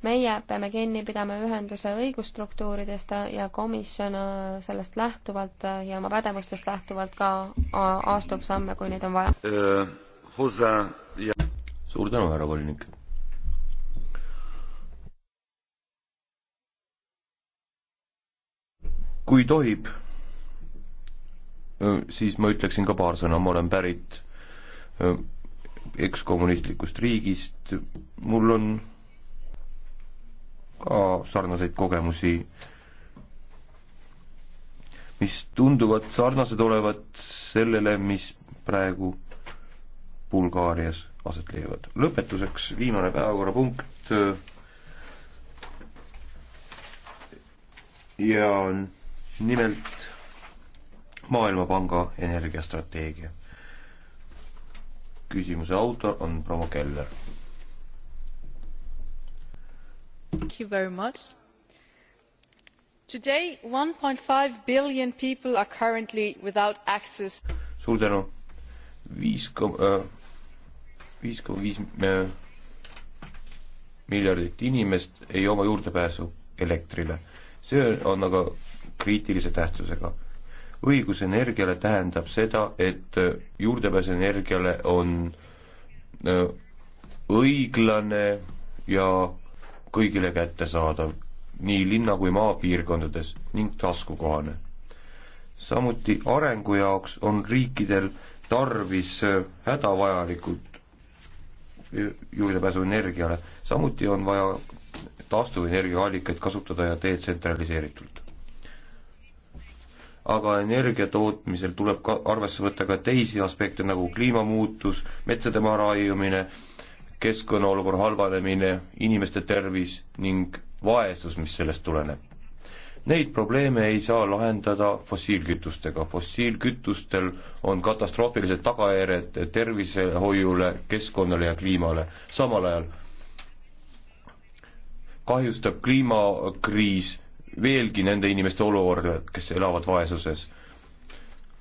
meie peame kinni pidama ühenduse õigusstruktuuridest ja komisjon äh, sellest lähtuvalt äh, ja oma pädevustest lähtuvalt ka äh, astub samme, kui neid on vaja. suur tänu, härra volinik. kui tohib, siis ma ütleksin ka paar sõna, ma olen pärit ekskommunistlikust riigist, mul on ka sarnaseid kogemusi, mis tunduvad sarnased olevat sellele, mis praegu Bulgaarias aset leiavad. lõpetuseks viimane päevakorrapunkt ja nimelt Maailmapanga energiastrateegia. küsimuse autor on proua Keller today. one five billion people are currently without access. suur tänu. viis koma, äh, viis koma viis äh, miljardit inimest ei oma juurdepääsu elektrile. see on aga kriitilise tähtsusega. õigus energiale tähendab seda, et äh, juurdepääs energiale on õiglane ja kõigile kättesaadav nii linna kui maapiirkondades ning taskukohane. samuti arengu jaoks on riikidel tarvis äh, hädavajalikud äh, juurdepääsu energiale, samuti on vaja taastuvenergiaallikaid kasutada ja detsentraliseeritult. aga energia tootmisel tuleb ka arvesse võtta ka teisi aspekte nagu kliimamuutus, metsade maaraiumine, keskkonnaolukorra halvanemine, inimeste tervis ning vaesus, mis sellest tuleneb. Neid probleeme ei saa lahendada fossiilkütustega, fossiilkütustel on katastroofilised tagajärjed tervishoiule, keskkonnale ja kliimale, samal ajal kahjustab kliimakriis veelgi nende inimeste olukorda, kes elavad vaesuses.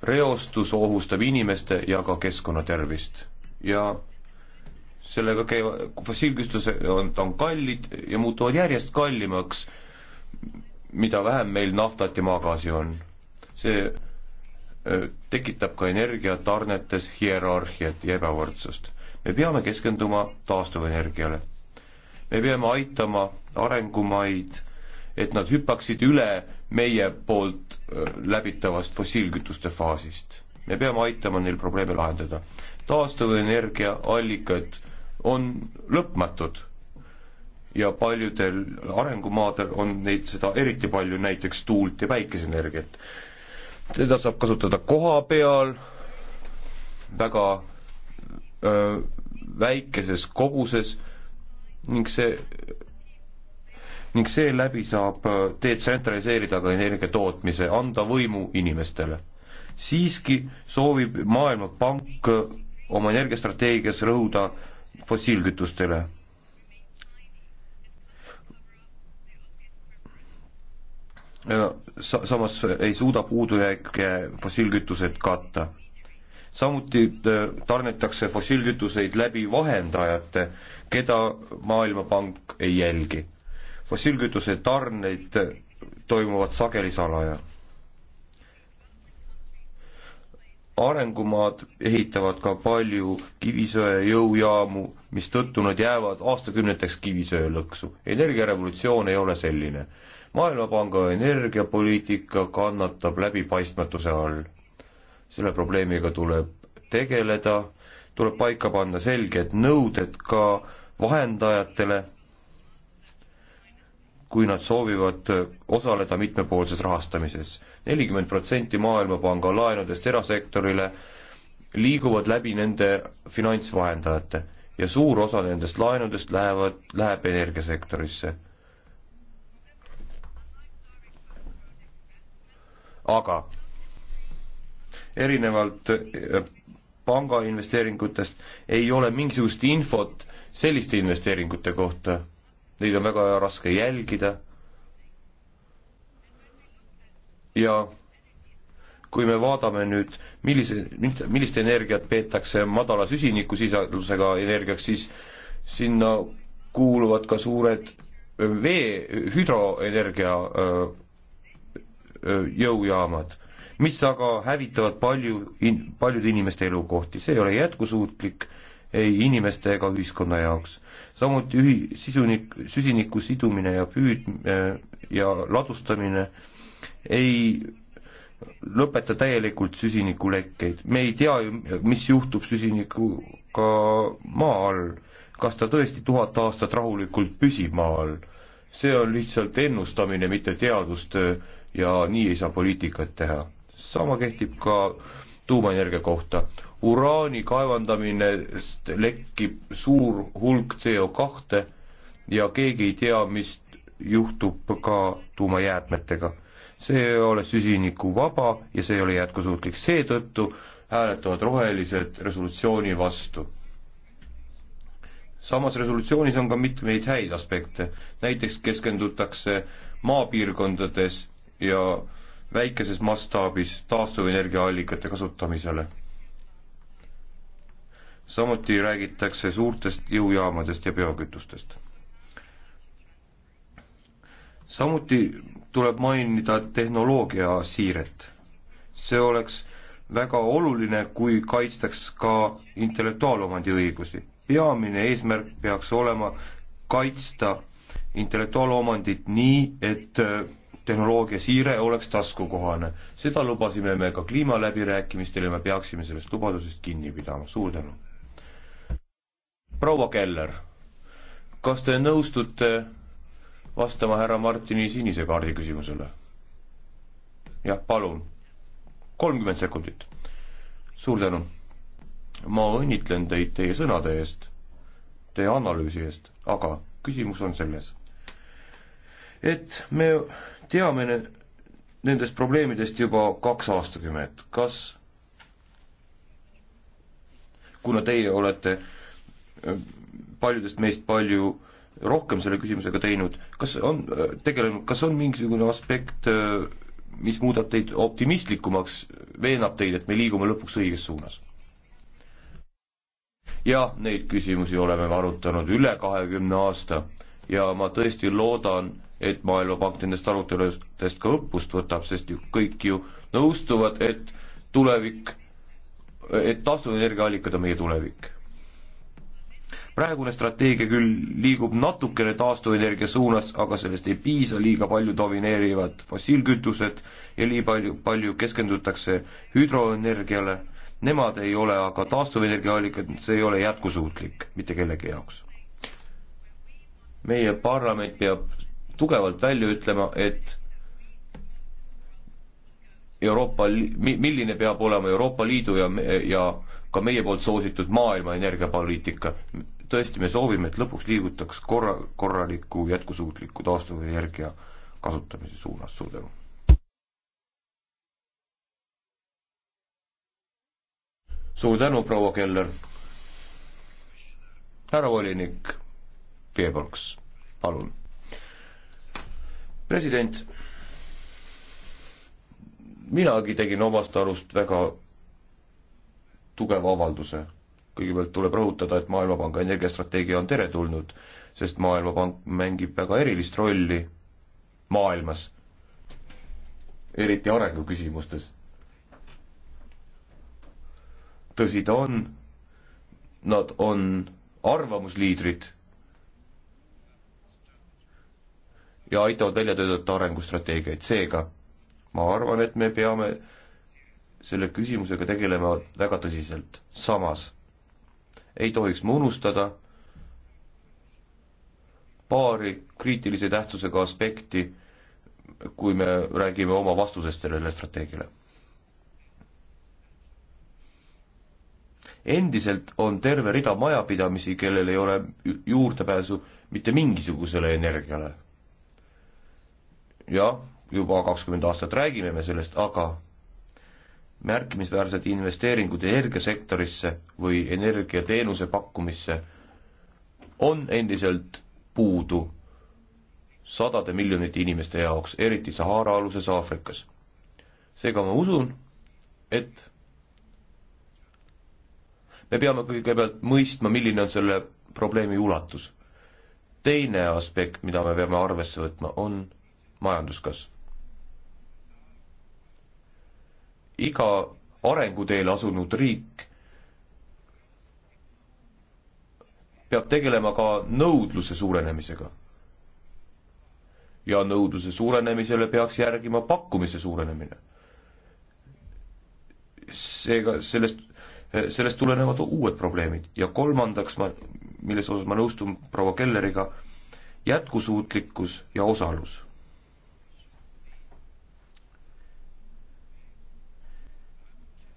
reostus ohustab inimeste ja ka keskkonna tervist ja sellega käiva, fossiilkütused on, on kallid ja muutuvad järjest kallimaks, mida vähem meil naftat ja maagaasi on. see tekitab ka energiatarnetes hierarhiat ja ebavõrdsust. me peame keskenduma taastuvenergiale. me peame aitama arengumaid, et nad hüppaksid üle meie poolt läbitavast fossiilkütuste faasist. me peame aitama neil probleeme lahendada. taastuvenergia allikad on lõpmatud ja paljudel arengumaadel on neid seda eriti palju, näiteks tuult ja päikeseenergiat. seda saab kasutada koha peal väga öö, väikeses koguses ning see, ning seeläbi saab detsentraliseerida ka energia tootmise, anda võimu inimestele. siiski soovib Maailmapank oma energiastrateegias rõhuda fossiilkütustele. Sa-, samas ei suuda puudujääke fossiilkütused katta. samuti äh, tarnetakse fossiilkütuseid läbi vahendajate, keda Maailmapank ei jälgi. fossiilkütuse tarneid toimuvad sageli salaja arengumaad ehitavad ka palju kivisöe jõujaamu, mistõttu nad jäävad aastakümneteks kivisöelõksu. energiarevolutsioon ei ole selline. maailmapanga energiapoliitika kannatab läbipaistmatuse all. selle probleemiga tuleb tegeleda, tuleb paika panna selged nõuded ka vahendajatele kui nad soovivad äh, osaleda mitmepoolses rahastamises. nelikümmend protsenti Maailmapanga laenudest erasektorile liiguvad läbi nende finantsvahendajate ja suur osa nendest laenudest lähevad, läheb energiasektorisse. aga erinevalt äh, pangainvesteeringutest ei ole mingisugust infot selliste investeeringute kohta neid on väga raske jälgida. ja kui me vaatame nüüd, millise, millist energiat peetakse madala süsinikusisaldusega energiaks, siis sinna kuuluvad ka suured vee, hüdroenergia jõujaamad, mis aga hävitavad palju in,, paljude inimeste elukohti, see ei ole jätkusuutlik ei inimeste ega ühiskonna jaoks samuti ühi-, sisunik, süsiniku sidumine ja püüd- äh, ja ladustamine ei lõpeta täielikult süsinikulekkeid. me ei tea ju, mis juhtub süsinikuga maa all. kas ta tõesti tuhat aastat rahulikult püsib maa all? see on lihtsalt ennustamine, mitte teadustöö ja nii ei saa poliitikat teha. sama kehtib ka tuumaenergia kohta uraani kaevandaminest lekib suur hulk CO kahte ja keegi ei tea, mis juhtub ka tuumajäätmetega. see ei ole süsinikuvaba ja see ei ole jätkusuutlik, seetõttu hääletavad rohelised resolutsiooni vastu. samas resolutsioonis on ka mitmeid häid aspekte, näiteks keskendutakse maapiirkondades ja väikeses mastaabis taastuvenergiaallikate kasutamisele samuti räägitakse suurtest jõujaamadest ja biokütustest. samuti tuleb mainida tehnoloogia siiret. see oleks väga oluline, kui kaitstaks ka intellektuaalomandi õigusi. peamine eesmärk peaks olema kaitsta intellektuaalomandit nii, et tehnoloogia siire oleks taskukohane. seda lubasime me ka kliimaläbirääkimistel ja me peaksime sellest lubadusest kinni pidama, suur tänu proua Keller, kas te nõustute vastama härra Martini sinise kaardi küsimusele? jah, palun. kolmkümmend sekundit. suur tänu. ma õnnitlen teid teie sõnade eest, teie analüüsi eest, aga küsimus on selles, et me teame ne nendest probleemidest juba kaks aastakümmet, kas kuna teie olete äh, paljudest meist palju rohkem selle küsimusega teinud, kas on, äh, tegelenud, kas on mingisugune aspekt, äh, mis muudab teid optimistlikumaks, veenab teid, et me liigume lõpuks õiges suunas? jah, neid küsimusi oleme me arutanud üle kahekümne aasta ja ma tõesti loodan, et Maailmapank nendest aruteludest ka õppust võtab, sest ju kõik ju nõustuvad, et tulevik, et taastuvenergia allikad on meie tulevik praegune strateegia küll liigub natukene taastuvenergia suunas, aga sellest ei piisa, liiga palju domineerivad fossiilkütused ja nii palju, palju keskendutakse hüdroenergiale, nemad ei ole aga taastuvenergiaallikad, see ei ole jätkusuutlik mitte kellegi jaoks. meie parlament peab tugevalt välja ütlema, et Euroopa, milline peab olema Euroopa Liidu ja, ja ka meie poolt soositud maailma energiapoliitika tõesti, me soovime, et lõpuks liigutaks korra, korraliku jätkusuutliku taastuvenergia kasutamise suunas, suur tänu. suur tänu, proua Keller. härra volinik Peebalks, palun. president, minagi tegin omast arust väga tugeva avalduse kõigepealt tuleb rõhutada, et Maailmapanga energiastrateegia on teretulnud, sest Maailmapank mängib väga erilist rolli maailmas, eriti arenguküsimustes. tõsi ta on, nad on arvamusliidrid ja aitavad välja töötada arengustrateegiaid, seega ma arvan, et me peame selle küsimusega tegelema väga tõsiselt, samas ei tohiks me unustada paari kriitilise tähtsusega aspekti, kui me räägime oma vastusest sellele strateegiale. endiselt on terve rida majapidamisi, kellel ei ole juurdepääsu mitte mingisugusele energiale. jah, juba kakskümmend aastat räägime me sellest, aga märkimisväärsed investeeringud energiasektorisse või energiateenuse pakkumisse on endiselt puudu sadade miljonite inimeste jaoks, eriti Sahara-aluses Aafrikas. seega ma usun, et me peame kõigepealt mõistma, milline on selle probleemi ulatus. teine aspekt, mida me peame arvesse võtma, on majanduskasv iga arenguteele asunud riik peab tegelema ka nõudluse suurenemisega. ja nõudluse suurenemisele peaks järgima pakkumise suurenemine. seega sellest, sellest tulenevad uued probleemid ja kolmandaks ma, milles osas ma nõustun proua Kelleriga, jätkusuutlikkus ja osalus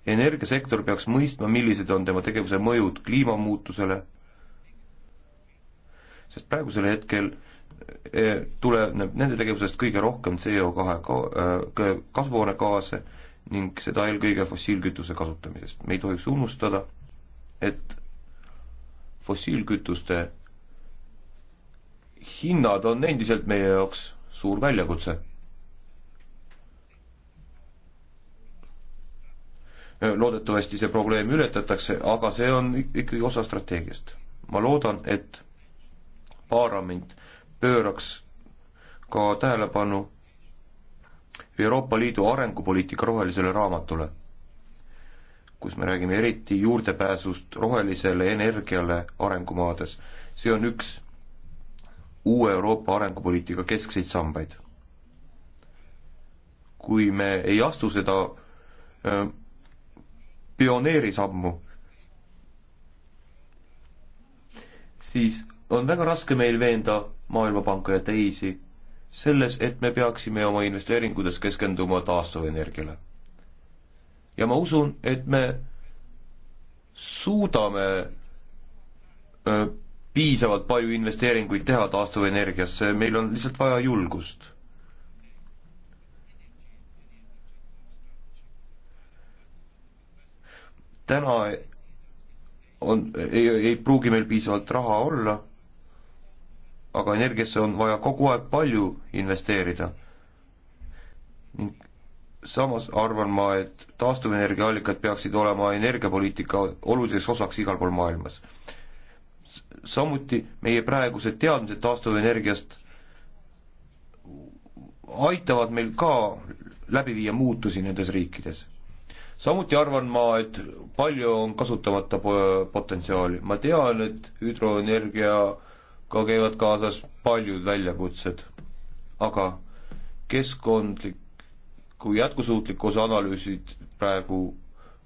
energiasektor peaks mõistma, millised on tema tegevuse mõjud kliimamuutusele, sest praegusel hetkel eh, tuleneb nende tegevusest kõige rohkem CO2 ka-, eh, kasvuhoonegaase ning seda eelkõige fossiilkütuse kasutamisest. me ei tohiks unustada, et fossiilkütuste hinnad on endiselt meie jaoks suur väljakutse loodetavasti see probleem ületatakse, aga see on ikkagi osa strateegiast. ma loodan, et parlament pööraks ka tähelepanu Euroopa Liidu arengupoliitika rohelisele raamatule, kus me räägime eriti juurdepääsust rohelisele energiale arengumaades. see on üks uue Euroopa arengupoliitika keskseid sambaid. kui me ei astu seda äh, pioneerisammu, siis on väga raske meil veenda Maailmapanka ja teisi selles, et me peaksime oma investeeringutes keskenduma taastuvenergiale. ja ma usun, et me suudame öö, äh, piisavalt palju investeeringuid teha taastuvenergiasse, meil on lihtsalt vaja julgust täna on, ei, ei pruugi meil piisavalt raha olla, aga energiasse on vaja kogu aeg palju investeerida. ning samas arvan ma, et taastuvenergiaallikad peaksid olema energiapoliitika oluliseks osaks igal pool maailmas. samuti meie praegused teadmised taastuvenergiast aitavad meil ka läbi viia muutusi nendes riikides samuti arvan ma, et palju on kasutamata potentsiaali, ma tean, et hüdroenergiaga käivad kaasas paljud väljakutsed, aga keskkondliku jätkusuutlikkuse analüüsid praegu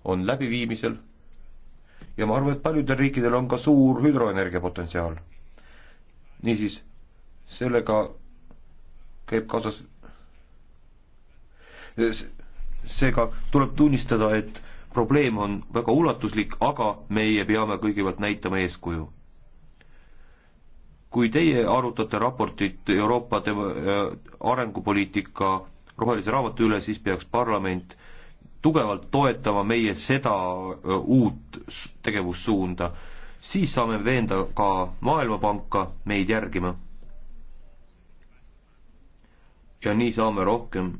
on läbiviimisel ja ma arvan, et paljudel riikidel on ka suur hüdroenergia potentsiaal. niisiis, sellega käib kaasas seega tuleb tunnistada, et probleem on väga ulatuslik, aga meie peame kõigepealt näitama eeskuju. kui teie arutate raportit Euroopa tema, äh, arengupoliitika rohelise raamatu üle, siis peaks parlament tugevalt toetama meie seda äh, uut tegevussuunda, siis saame veenda ka Maailmapanka meid järgima. ja nii saame rohkem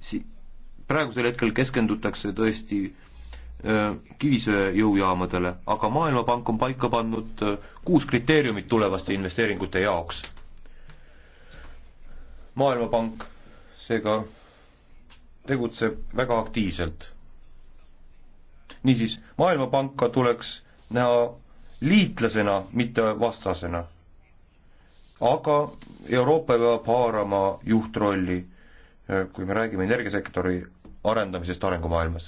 si-, praegusel hetkel keskendutakse tõesti kivisöejõujaamadele, aga Maailmapank on paika pannud kuus kriteeriumit tulevaste investeeringute jaoks. maailmapank seega tegutseb väga aktiivselt. niisiis, Maailmapanka tuleks näha liitlasena, mitte vastasena. aga Euroopa peab haarama juhtrolli Äh, kui me räägime energiasektori arendamisest arengumaailmas.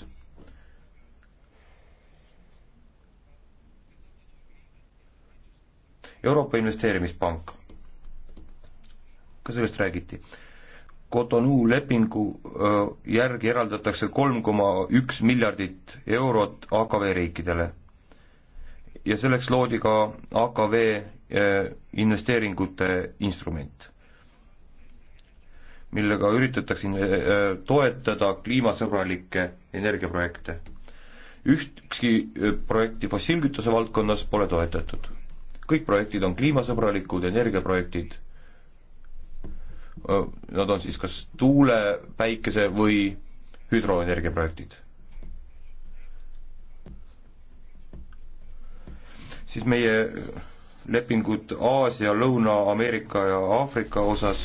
Euroopa Investeerimispank, ka sellest räägiti. Cotonou lepingu äh, järgi eraldatakse kolm koma üks miljardit eurot AKV riikidele ja selleks loodi ka AKV äh, investeeringute instrument millega üritatakse äh, äh, toetada kliimasõbralikke energiaprojekte. ühtki äh, projekti fossiilkütuse valdkonnas pole toetatud. kõik projektid on kliimasõbralikud energiaprojektid. Nad on siis kas tuule, päikese või hüdroenergia projektid. siis meie lepingud Aasia, Lõuna-Ameerika ja Aafrika osas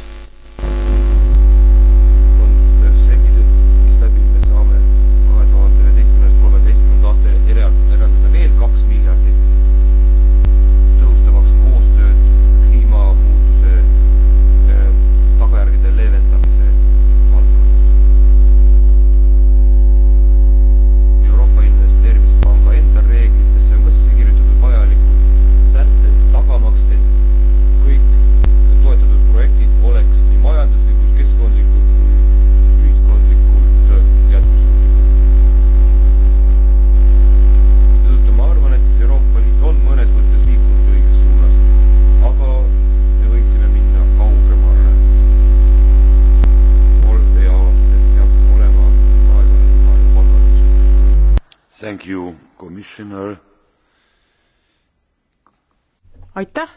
aitäh,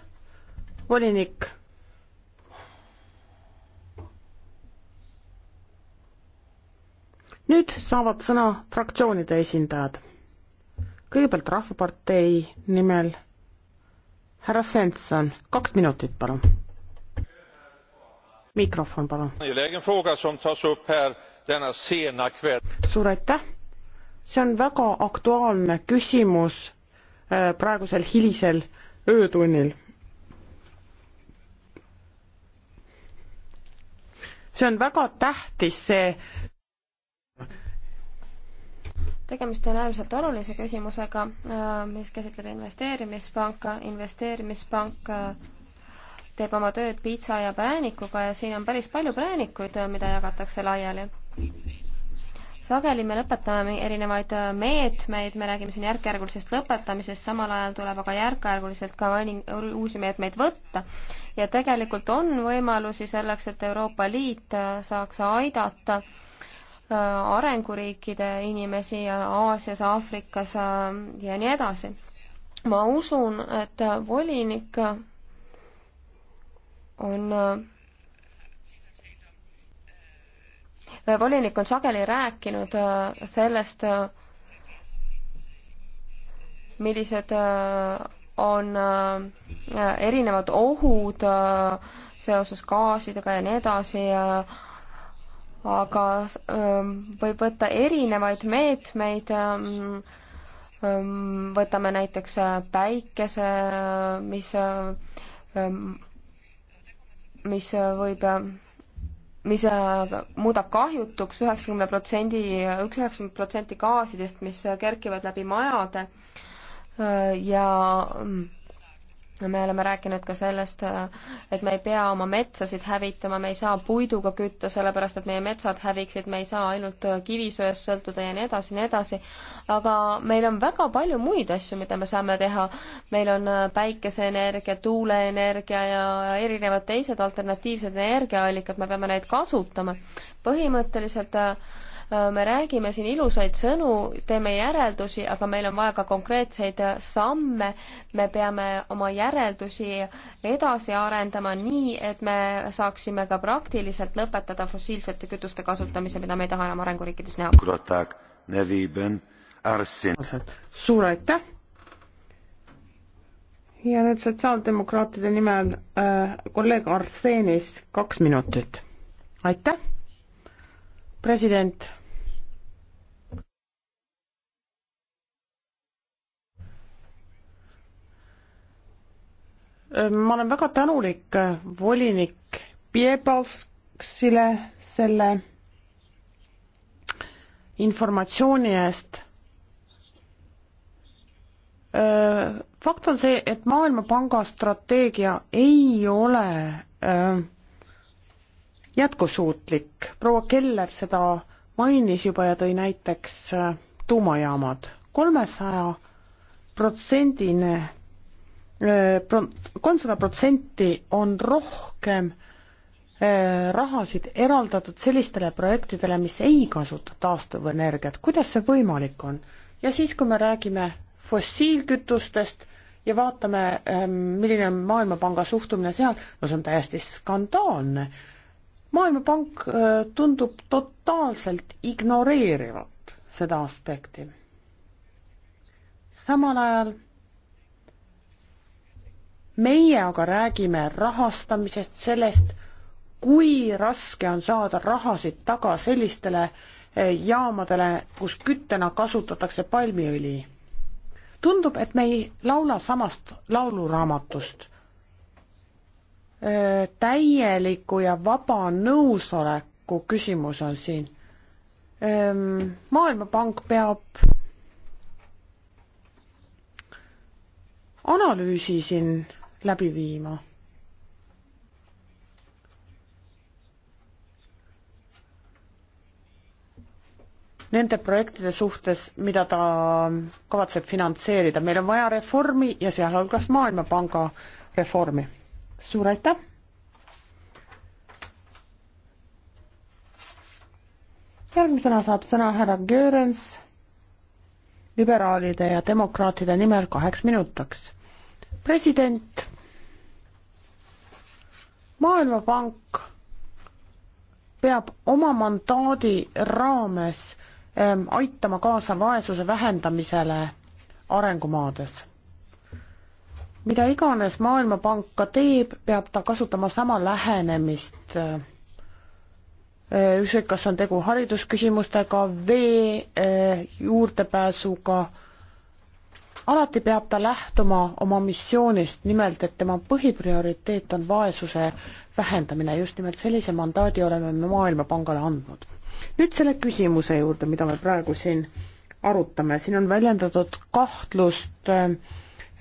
volinik. nüüd saavad sõna fraktsioonide esindajad. kõigepealt Rahvapartei nimel härra Svensson, kaks minutit, palun. mikrofon, palun. suur aitäh see on väga aktuaalne küsimus äh, praegusel hilisel öötunnil. see on väga tähtis, see tegemist on äärmiselt olulise küsimusega, äh, mis käsitleb investeerimispanka, investeerimispank äh, teeb oma tööd piitsa ja präänikuga ja siin on päris palju präänikuid, mida jagatakse laiali sageli me lõpetame erinevaid äh, meetmeid, me räägime siin järk-järgulisest lõpetamisest, samal ajal tuleb aga järk-järguliselt ka uusi meetmeid võtta. ja tegelikult on võimalusi selleks, et Euroopa Liit äh, saaks aidata äh, arenguriikide inimesi Aasias, Aafrikas ja nii edasi. ma usun, et volinik on volinik on sageli rääkinud äh, sellest, äh, millised äh, on erinevad ohud seoses gaasidega ja nii edasi, aga ähm, võib võtta erinevaid meetmeid, ähm, ähm, võtame näiteks päikese, mis, mis võib mis äh, muudab kahjutuks üheksakümne protsendi, üks üheksakümmend protsenti gaasidest, mis kerkivad läbi majade äh, ja mm, me oleme rääkinud ka sellest, äh, et me ei pea oma metsasid hävitama, me ei saa puiduga kütta, sellepärast et meie metsad häviksid, me ei saa ainult äh, kivisöest sõltuda ja nii edasi, nii edasi. aga meil on väga palju muid asju, mida me saame teha. meil on äh, päikeseenergia, tuuleenergia ja erinevad teised alternatiivsed energiaallikad, me peame neid kasutama. põhimõtteliselt äh, me räägime siin ilusaid sõnu, teeme järeldusi, aga meil on vaja ka konkreetseid samme. me peame oma järeldusi edasi arendama nii, et me saaksime ka praktiliselt lõpetada fossiilsete kütuste kasutamise, mida me ei taha enam arenguriikides näha. suur aitäh! ja nüüd sotsiaaldemokraatide nimel äh, kolleeg Arsenis kaks minutit. aitäh! president. ma olen väga tänulik volinik Piebalsksile selle informatsiooni eest. fakt on see, et Maailmapanga strateegia ei ole öö, jätkusuutlik. proua Keller seda mainis juba ja tõi näiteks äh, tuumajaamad. kolmesaja protsendine, äh, kolmsada protsenti on rohkem äh, rahasid eraldatud sellistele projektidele, mis ei kasuta taastuvenergiat, kuidas see võimalik on? ja siis, kui me räägime fossiilkütustest ja vaatame, ähm, milline on Maailmapanga suhtumine seal, no see on täiesti skandaalne maailmapank äh, tundub totaalselt ignoreerivat seda aspekti. samal ajal meie aga räägime rahastamisest, sellest, kui raske on saada rahasid taga sellistele äh, jaamadele, kus küttena kasutatakse palmiõli. tundub, et me ei laula samast lauluraamatust täieliku ja vaba nõusoleku küsimus on siin. maailmapank peab analüüsi siin läbi viima. Nende projektide suhtes, mida ta kavatseb finantseerida, meil on vaja reformi ja sealhulgas Maailmapanga reformi suur aitäh! järgmisena saab sõna härra Görens liberaalide ja demokraatide nimel kaheks minutiks. president, Maailmapank peab oma mandaadi raames ähm, aitama kaasa vaesuse vähendamisele arengumaades mida iganes Maailmapank ka teeb, peab ta kasutama sama lähenemist. Äh, ükskõik, kas on tegu haridusküsimustega, vee äh, juurdepääsuga, alati peab ta lähtuma oma missioonist, nimelt et tema põhiprioriteet on vaesuse vähendamine, just nimelt sellise mandaadi oleme me Maailmapangale andnud. nüüd selle küsimuse juurde, mida me praegu siin arutame, siin on väljendatud kahtlust äh,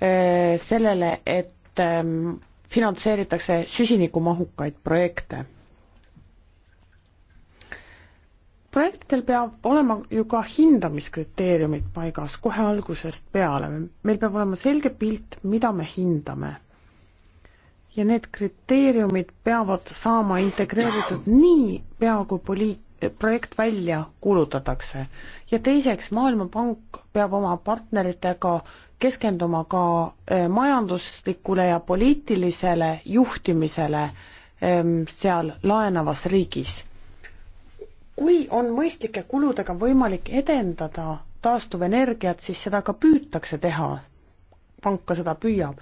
Äh, sellele, et ähm, finantseeritakse süsinikumahukaid projekte. projektidel peab olema ju ka hindamiskriteeriumid paigas kohe algusest peale, meil peab olema selge pilt, mida me hindame. ja need kriteeriumid peavad saama integreeritud nii pea, kui poliit-, projekt välja kuulutatakse. ja teiseks, Maailmapank peab oma partneritega keskenduma ka äh, majanduslikule ja poliitilisele juhtimisele ähm, seal laenavas riigis. kui on mõistlike kuludega võimalik edendada taastuvenergiat, siis seda ka püütakse teha. pank ka seda püüab.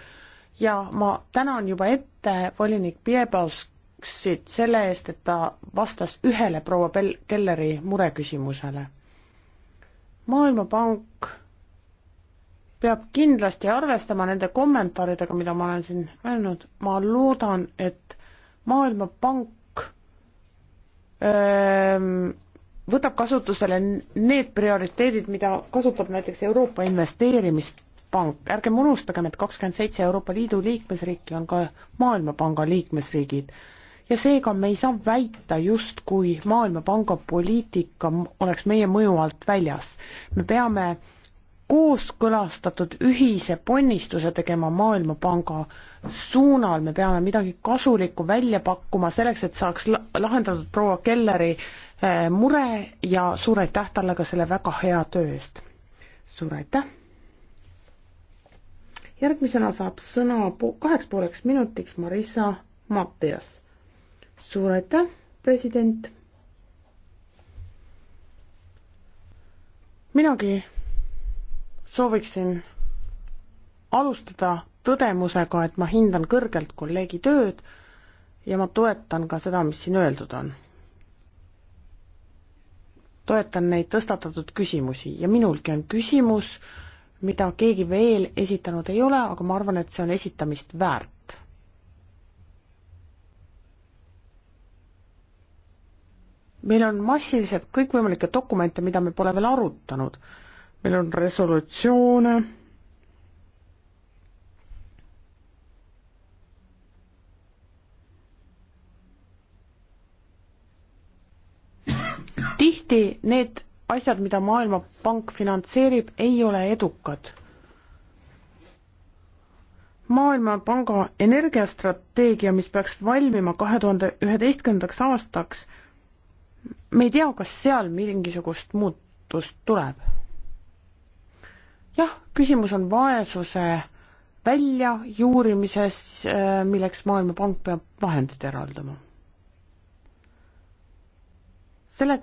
ja ma tänan juba ette volinik Piebalskit selle eest, et ta vastas ühele proua Bel-, Kelleri mureküsimusele. maailmapank peab kindlasti arvestama nende kommentaaridega, mida ma olen siin öelnud, ma loodan, et Maailmapank ähm, võtab kasutusele need prioriteedid, mida kasutab näiteks Euroopa Investeerimispank, ärgem unustagem, et kakskümmend seitse Euroopa Liidu liikmesriiki on ka Maailmapanga liikmesriigid. ja seega me ei saa väita, justkui Maailmapanga poliitika oleks meie mõju alt väljas. me peame äh, kooskõlastatud ühise ponnistuse tegema Maailmapanga suunal, me peame midagi kasulikku välja pakkuma selleks, et saaks lahendatud proua Kelleri eh, mure ja suur aitäh talle ka selle väga hea töö eest. suur aitäh! järgmisena saab sõna kaheks pooleks minutiks Marissa Matias. suur aitäh, president! minagi sooviksin alustada tõdemusega, et ma hindan kõrgelt kolleegi tööd ja ma toetan ka seda, mis siin öeldud on. toetan neid tõstatatud küsimusi ja minulgi on küsimus, mida keegi veel esitanud ei ole, aga ma arvan, et see on esitamist väärt. meil on massiliselt kõikvõimalikke dokumente, mida me pole veel arutanud meil on resolutsioone tihti need asjad, mida Maailmapank finantseerib, ei ole edukad. maailmapanga energiastrateegia, mis peaks valmima kahe tuhande üheteistkümnendaks aastaks, me ei tea, kas seal mingisugust muutust tuleb jah, küsimus on vaesuse väljajuurimises, äh, milleks Maailmapank peab vahendid eraldama. selle,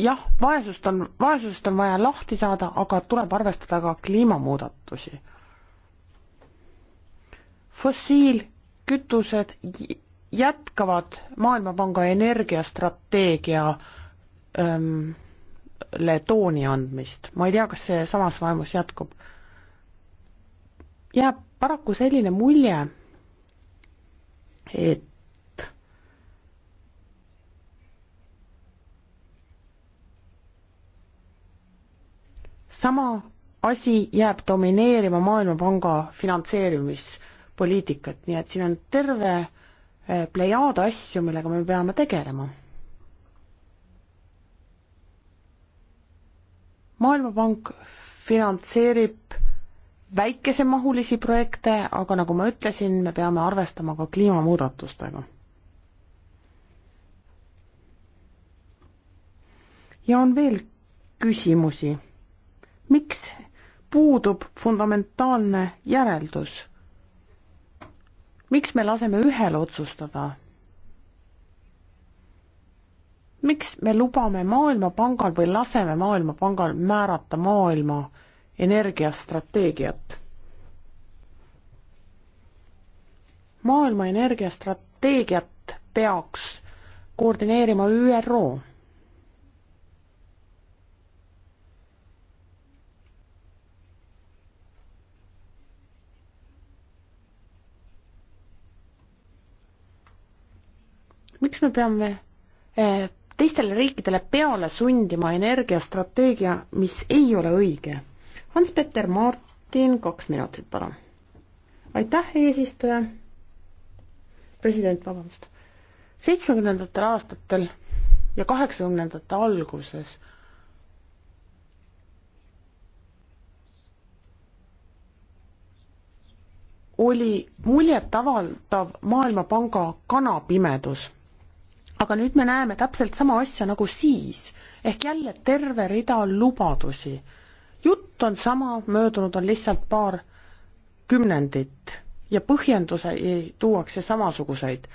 jah, vaesust on, vaesusest on vaja lahti saada, aga tuleb arvestada ka kliimamuudatusi. fossiilkütused jätkavad Maailmapanga energiastrateegia ähm, le tooni andmist, ma ei tea, kas see samas vaimus jätkub. jääb paraku selline mulje, et sama asi jääb domineerima Maailmapanga finantseerimispoliitikat, nii et siin on terve eh, plejaad asju, millega me peame tegelema maailmapank finantseerib väikesemahulisi projekte, aga nagu ma ütlesin, me peame arvestama ka kliimamuudatustega. ja on veel küsimusi. miks puudub fundamentaalne järeldus? miks me laseme ühel otsustada, miks me lubame Maailmapangal või laseme Maailmapangal määrata maailma energiastrateegiat? maailma energiastrateegiat peaks koordineerima ÜRO. miks me peame eh, teistele riikidele peale sundima energiastrateegia, mis ei ole õige. Hans-Peter Martin, kaks minutit, palun. aitäh, eesistuja. president, vabandust. seitsmekümnendatel aastatel ja kaheksakümnendate alguses oli muljetavaldav Maailmapanga kanapimedus aga nüüd me näeme täpselt sama asja nagu siis, ehk jälle terve rida lubadusi. jutt on sama, möödunud on lihtsalt paar kümnendit ja põhjendusi tuuakse samasuguseid.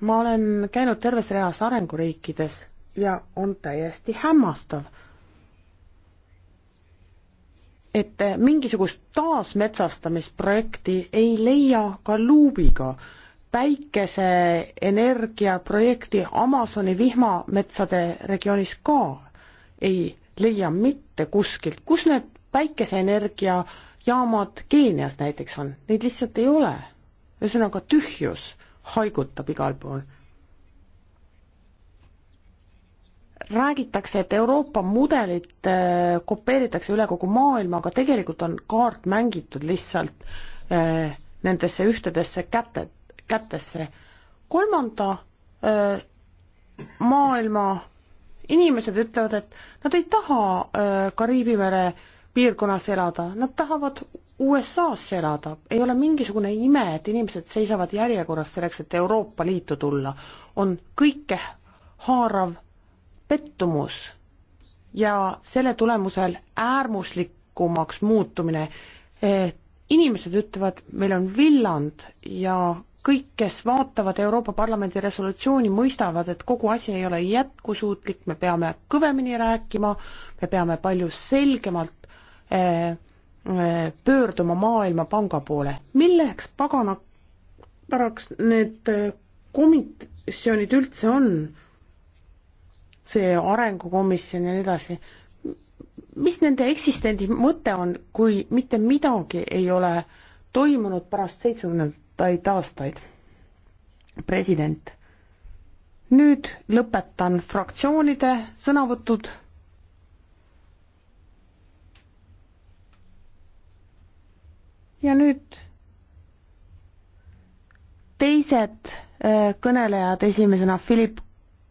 ma olen käinud terves reas arenguriikides ja on täiesti hämmastav, et mingisugust taasmetsastamisprojekti ei leia ka luubiga päikeseenergia projekti Amazoni vihmametsade regioonis ka ei leia mitte kuskilt, kus need päikeseenergia jaamad Keenias näiteks on, neid lihtsalt ei ole. ühesõnaga tühjus haigutab igal pool. räägitakse, et Euroopa mudelit äh, kopeeritakse üle kogu maailma, aga tegelikult on kaart mängitud lihtsalt äh, nendesse ühtedesse kätet, kätesse. kolmanda öö, maailma inimesed ütlevad, et nad ei taha öö, Kariibi mere piirkonnas elada, nad tahavad USA-s elada, ei ole mingisugune ime, et inimesed seisavad järjekorras selleks, et Euroopa Liitu tulla, on kõike haarav pettumus ja selle tulemusel äärmuslikumaks muutumine. inimesed ütlevad, meil on villand ja kõik, kes vaatavad Euroopa Parlamendi resolutsiooni, mõistavad, et kogu asi ei ole jätkusuutlik, me peame kõvemini rääkima, me peame palju selgemalt eh, eh, pöörduma Maailmapanga poole. milleks pagana päraks need eh, komisjonid üldse on, see arengukomisjon ja nii edasi, mis nende eksistendi mõte on, kui mitte midagi ei ole toimunud pärast seitsmekümnendat aastaid, aastaid. president. nüüd lõpetan fraktsioonide sõnavõtud ja nüüd teised äh, kõnelejad, esimesena Philip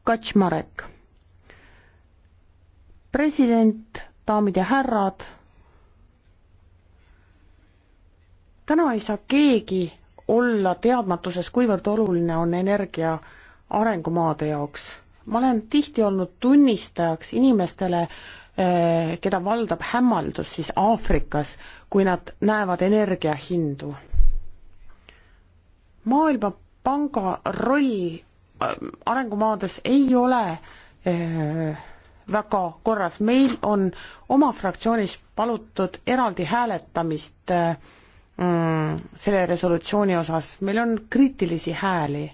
Kaczmarek. president, daamid ja härrad, täna ei saa keegi olla teadmatuses, kuivõrd oluline on energia arengumaade jaoks. ma olen tihti olnud tunnistajaks inimestele, eh, keda valdab hämmaldus siis Aafrikas, kui nad näevad energiahindu. maailmapanga roll eh, arengumaades ei ole eh, väga korras, meil on oma fraktsioonis palutud eraldi hääletamist äh, mm, selle resolutsiooni osas, meil on kriitilisi hääli.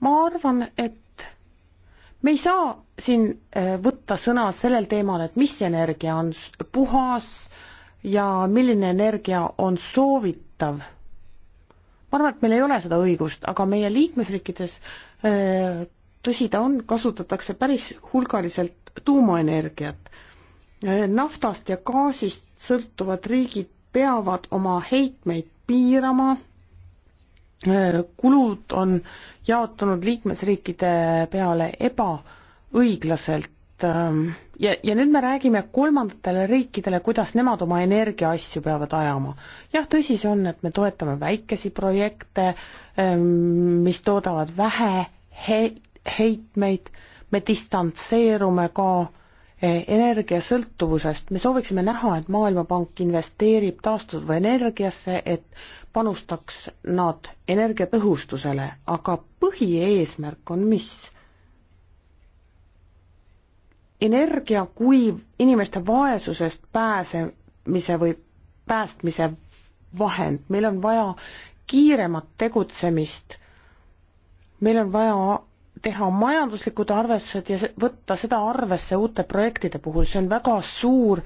ma arvan, et me ei saa siin äh, võtta sõna sellel teemal, et mis energia on puhas ja milline energia on soovitav. ma arvan, et meil ei ole seda õigust, aga meie liikmesriikides äh, tõsi ta on, kasutatakse päris hulgaliselt tuumaenergiat. Äh, naftast ja gaasist sõltuvad riigid peavad oma heitmeid piirama, äh, kulud on jaotunud liikmesriikide peale ebaõiglaselt ähm, ja, ja nüüd me räägime kolmandatele riikidele, kuidas nemad oma energiaasju peavad ajama. jah, tõsi see on, et me toetame väikesi projekte, ähm, mis toodavad vähe he-, heitmeid, me distantseerume ka energiasõltuvusest, me sooviksime näha, et Maailmapank investeerib taastuva energiasse, et panustaks nad energiatõhustusele, aga põhieesmärk on mis? energia kui inimeste vaesusest pääsemise või päästmise vahend, meil on vaja kiiremat tegutsemist, meil on vaja teha majanduslikud arvestused ja võtta seda arvesse uute projektide puhul, see on väga suur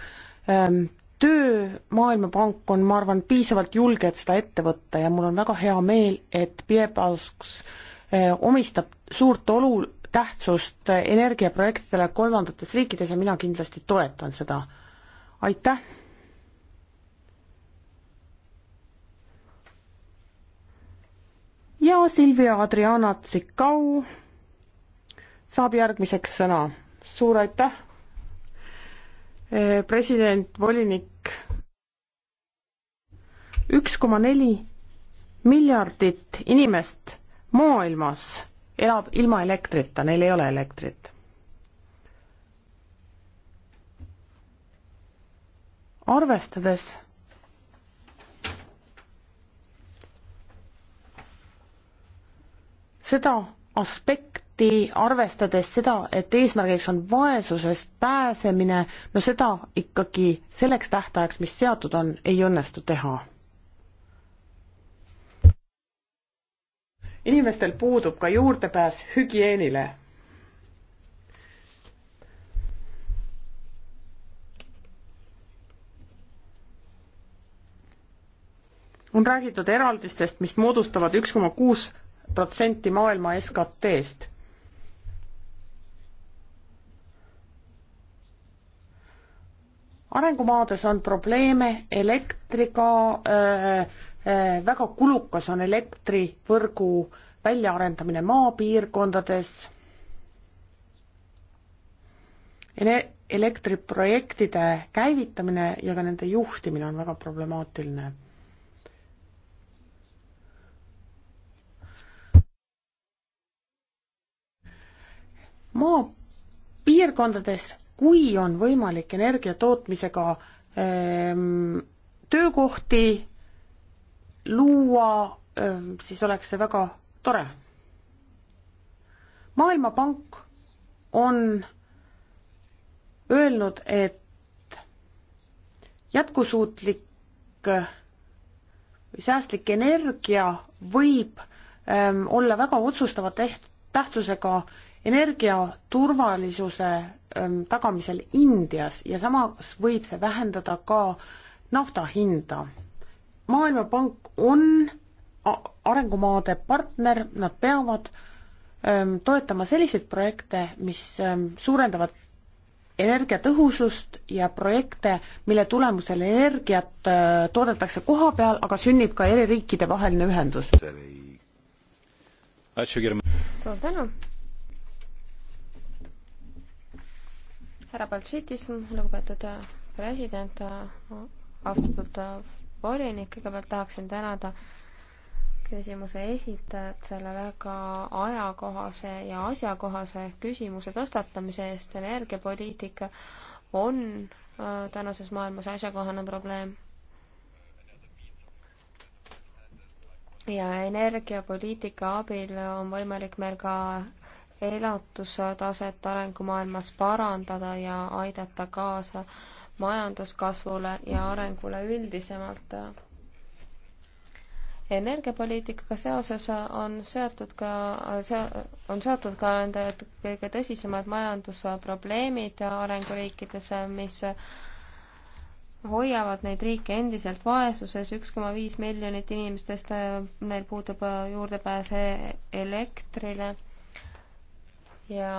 ähm, töö, Maailmapank on, ma arvan, piisavalt julge, et seda ette võtta ja mul on väga hea meel, et Piebalsks äh, omistab suurt olu, tähtsust äh, energiaprojektidele kolmandates riikides ja mina kindlasti toetan seda. aitäh! ja Silvia Adriana Tsikau saab järgmiseks sõna. suur aitäh, eh, president, volinik. üks koma neli miljardit inimest maailmas elab ilma elektrita, neil ei ole elektrit. arvestades seda aspekti, eriti arvestades seda, et eesmärgiks on vaesusest pääsemine, no seda ikkagi selleks tähtajaks, mis seatud on, ei õnnestu teha. inimestel puudub ka juurdepääs hügieenile. on räägitud eraldistest, mis moodustavad üks koma kuus protsenti maailma SKT-st arengumaades on probleeme elektriga äh,, äh, väga kulukas on elektrivõrgu väljaarendamine maapiirkondades Ele, elektriprojektide käivitamine ja ka nende juhtimine on väga problemaatiline. maapiirkondades kui on võimalik energia tootmisega ähm, töökohti luua ähm,, siis oleks see väga tore. maailmapank on öelnud, et jätkusuutlik eh, või säästlik energia võib ähm, olla väga otsustava teht-, tähtsusega energiaturvalisuse ähm, tagamisel Indias ja samas võib see vähendada ka nafta hinda. maailmapank on arengumaade partner, nad peavad ähm, toetama selliseid projekte, mis ähm, suurendavad energiatõhusust ja projekte, mille tulemusel energiat äh, toodetakse koha peal, aga sünnib ka eri riikide vaheline ühendus. suur tänu! härra Baltšitis, lugupeetud äh, president, äh, austatud äh, volinik, kõigepealt tahaksin tänada küsimuse esitajat selle väga ajakohase ja asjakohase küsimuse tõstatamise eest. energiapoliitika on tänases maailmas asjakohane probleem. ja energiapoliitika abil on võimalik meil ka elatustaset arengumaailmas parandada ja aidata kaasa majanduskasvule ja arengule üldisemalt. energiapoliitikaga seoses on seotud ka, on seotud ka nende kõige tõsisemad majandusprobleemid arenguriikides, mis hoiavad neid riike endiselt vaesuses, üks koma viis miljonit inimestest, neil puudub juurdepääs elektrile ja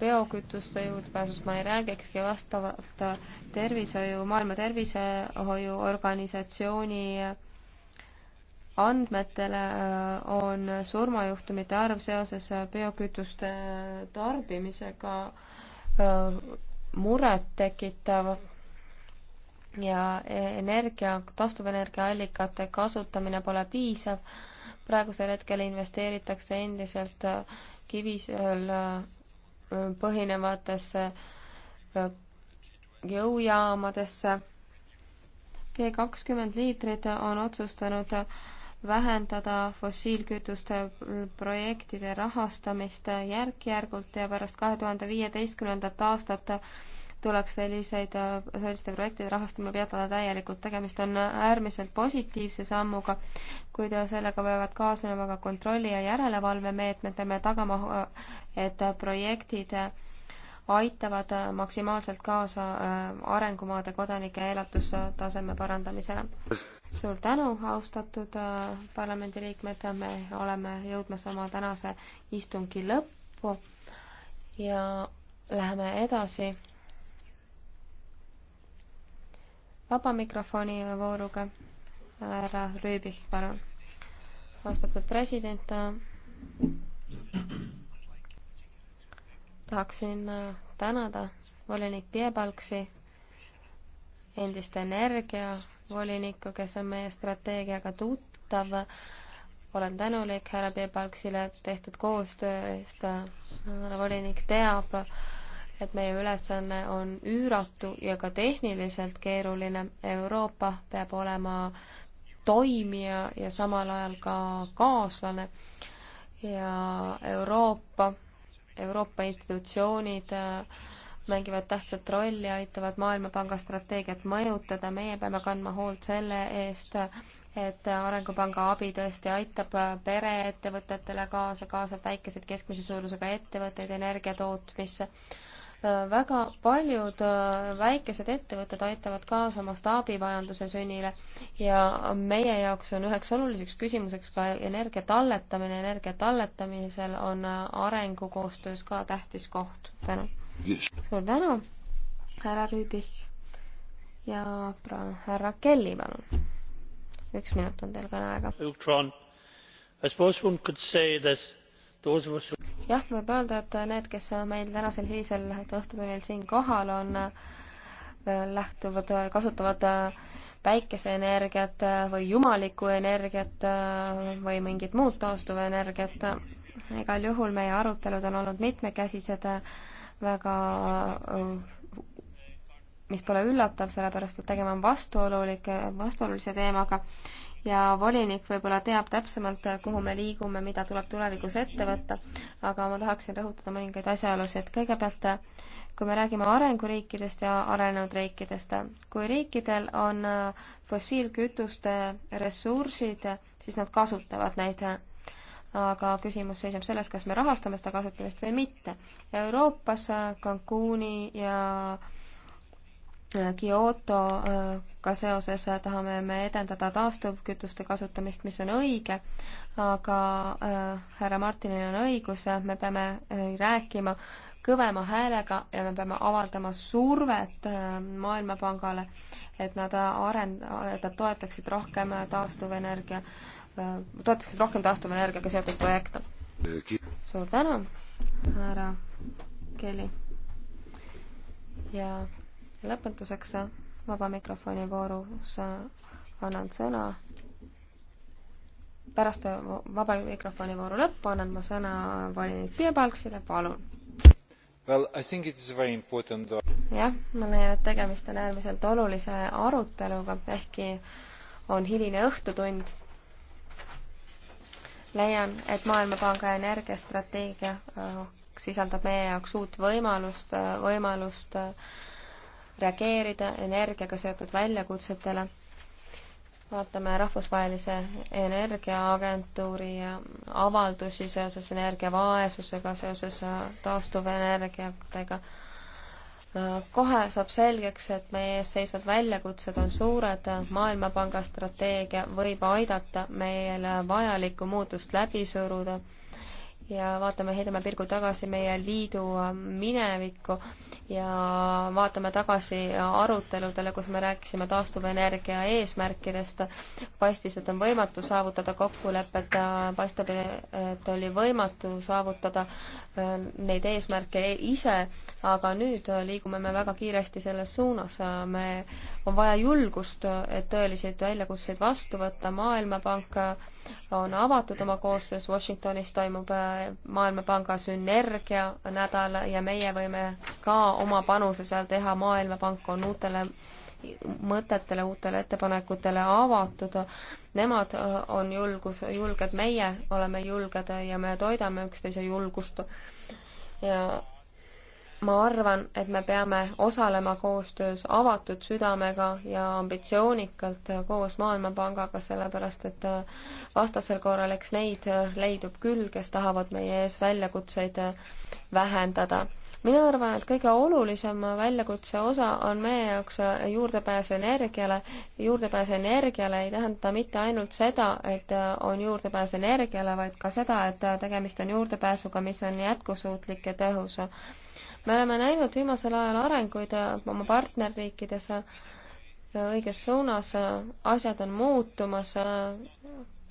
biokütuste juurdepääsust ma ei räägikski, vastavalt tervishoiu, Maailma Tervishoiuorganisatsiooni andmetele on surmajuhtumite arv seoses biokütuste tarbimisega murettekitav ja energia, taastuvenergiaallikate kasutamine pole piisav. praegusel hetkel investeeritakse endiselt äh, kivisööl põhinevatesse jõujaamadesse. G kakskümmend liitrid on otsustanud vähendada fossiilkütuste projektide rahastamist järk-järgult ja pärast kahe tuhande viieteistkümnendat aastat tuleks selliseid, selliste projektide rahastamine peatada täielikult. tegemist on äärmiselt positiivse sammuga, kuid sellega peavad kaasnema ka kontrolli- ja järelevalvemeetmed. peame tagama, et projektid aitavad maksimaalselt kaasa äh, arengumaade kodanike elatustaseme parandamisele. suur tänu, austatud äh, parlamendiliikmed, me oleme jõudmas oma tänase istungi lõppu ja läheme edasi vaba mikrofoni vooruga. härra Rüübik, palun. austatud president, tahaksin äh, tänada volinik Piebalgsi, endist energiavolinikku, kes on meie strateegiaga tuttav. olen tänulik härra Piebalgsile tehtud koostöö eest. härra äh, volinik teab, et meie ülesanne on üüratu ja ka tehniliselt keeruline. Euroopa peab olema toimija ja samal ajal ka kaaslane ja Euroopa, Euroopa institutsioonid äh, mängivad tähtsat rolli, aitavad Maailmapanga strateegiat mõjutada, meie peame kandma hoolt selle eest, et Arengupanga abi tõesti aitab äh, pereettevõtetele kaasa, kaasab väikesed keskmise suurusega ettevõtteid energiatootmisse väga paljud äh, väikesed ettevõtted aitavad kaasa mastaabivajanduse sünnile ja meie jaoks on üheks oluliseks küsimuseks ka energia talletamine. energia talletamisel on äh, arengukoostöös ka tähtis koht. tänu yes.. suur tänu, härra Rüübich ja härra Kelly, palun. üks minut on teil kõneaega. I suppose one could say that jah, võib öelda, et need, kes meil tänasel hilisel õhtutunnil siin kohal on, äh, lähtuvad, kasutavad äh, päikeseenergiat äh, või jumalikku energiat või mingit muud taastuvenergiat. igal juhul meie arutelud on olnud mitmekäsised, väga, mis pole üllatav, sellepärast et tegema on vastuolulik, vastuolulise teemaga ja volinik võib-olla teab täpsemalt, kuhu me liigume, mida tuleb tulevikus ette võtta, aga ma tahaksin rõhutada mõningaid asjaolusid. kõigepealt, kui me räägime arenguriikidest ja arenenud riikidest, kui riikidel on fossiilkütuste ressursid, siis nad kasutavad neid aga küsimus seisneb selles, kas me rahastame seda kasutamist või mitte. Euroopas Cancuni ja äh, Kyotoga seoses tahame me edendada taastuvkütuste kasutamist, mis on õige, aga äh, härra Martinil on õigus, me peame äh, rääkima kõvema häälega ja me peame avaldama survet äh, Maailmapangale, et nad arend-, et nad toetaksid rohkem taastuvenergia, äh, toetaksid rohkem taastuvenergiaga seotud projekte. suur tänu, härra Kelly. ja lõpetuseks äh, vaba mikrofoni voorus äh, annan sõna pärast vaba mikrofoni vooru lõppu annan ma sõna volinik Piebalgsile, palun. Well, I think it is very important jah, ma leian, et tegemist on äärmiselt olulise aruteluga, ehkki on hiline õhtutund. leian, et Maailmapanga energiastrateegia äh, sisaldab meie jaoks uut võimalust, võimalust äh, reageerida energiaga seotud väljakutsetele. vaatame Rahvusvahelise Energiaagentuuri avaldusi seoses energiavaesusega, seoses taastuvenergiatega. kohe saab selgeks, et meie ees seisvad väljakutsed on suured, Maailmapanga strateegia võib aidata meil vajalikku muutust läbi suruda ja vaatame, heidame pilgu tagasi meie liidu minevikku ja vaatame tagasi aruteludele, kus me rääkisime taastuvenergia eesmärkidest. paistis, et on võimatu saavutada kokkulepet, paistab, et oli võimatu saavutada äh, neid eesmärke ise, aga nüüd liigume me väga kiiresti selles suunas. me, on vaja julgust, et tõeliseid väljakutseid vastu võtta, Maailmapank on avatud oma koostöös Washingtonis toimub äh, Maailmapanga sünergia nädal ja meie võime ka oma panuse seal teha, Maailmapank on uutele mõtetele, uutele ettepanekutele avatud. Nemad äh, on julgus, julged, meie oleme julged ja me toidame üksteise julgust. ja ma arvan, et me peame osalema koostöös avatud südamega ja ambitsioonikalt koos Maailmapangaga, sellepärast et äh, vastasel korral, eks neid äh, leidub küll, kes tahavad meie ees väljakutseid äh, vähendada. mina arvan, et kõige olulisem väljakutse osa on meie jaoks juurdepääs energiale. juurdepääs energiale ei tähenda mitte ainult seda, et on juurdepääs energiale, vaid ka seda, et tegemist on juurdepääsuga, mis on jätkusuutlik ja tõhus me oleme näinud viimasel ajal arenguid äh, oma partnerriikides äh, õiges suunas, äh, asjad on muutumas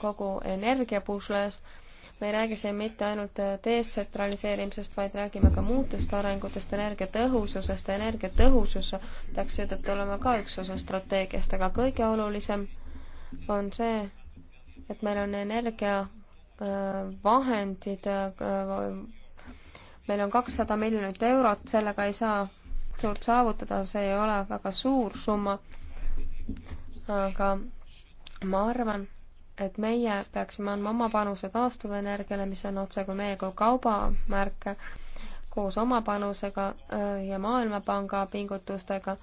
kogu energiapusles. me ei räägi siin mitte ainult detsentraliseerimisest, vaid räägime ka muutust arengutest, energiatõhususest. energiatõhusus peaks seetõttu olema ka üks osa strateegiast, aga kõige olulisem on see, et meil on energia vahendid meil on kakssada miljonit eurot, sellega ei saa suurt saavutada, see ei ole väga suur summa. aga ma arvan, et meie peaksime andma oma panuse taastuvenergiale, mis on otsekui meie kui kaubamärk, koos oma panusega äh, ja Maailmapanga pingutustega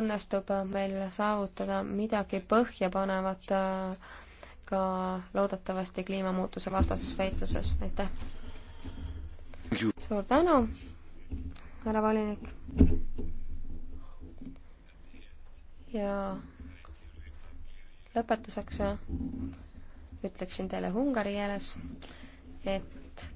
õnnestub meil saavutada midagi põhjapanevat äh, ka loodetavasti kliimamuutuse vastases võitluses, aitäh! suur tänu, härra volinik. ja lõpetuseks ütleksin teile ungari keeles, et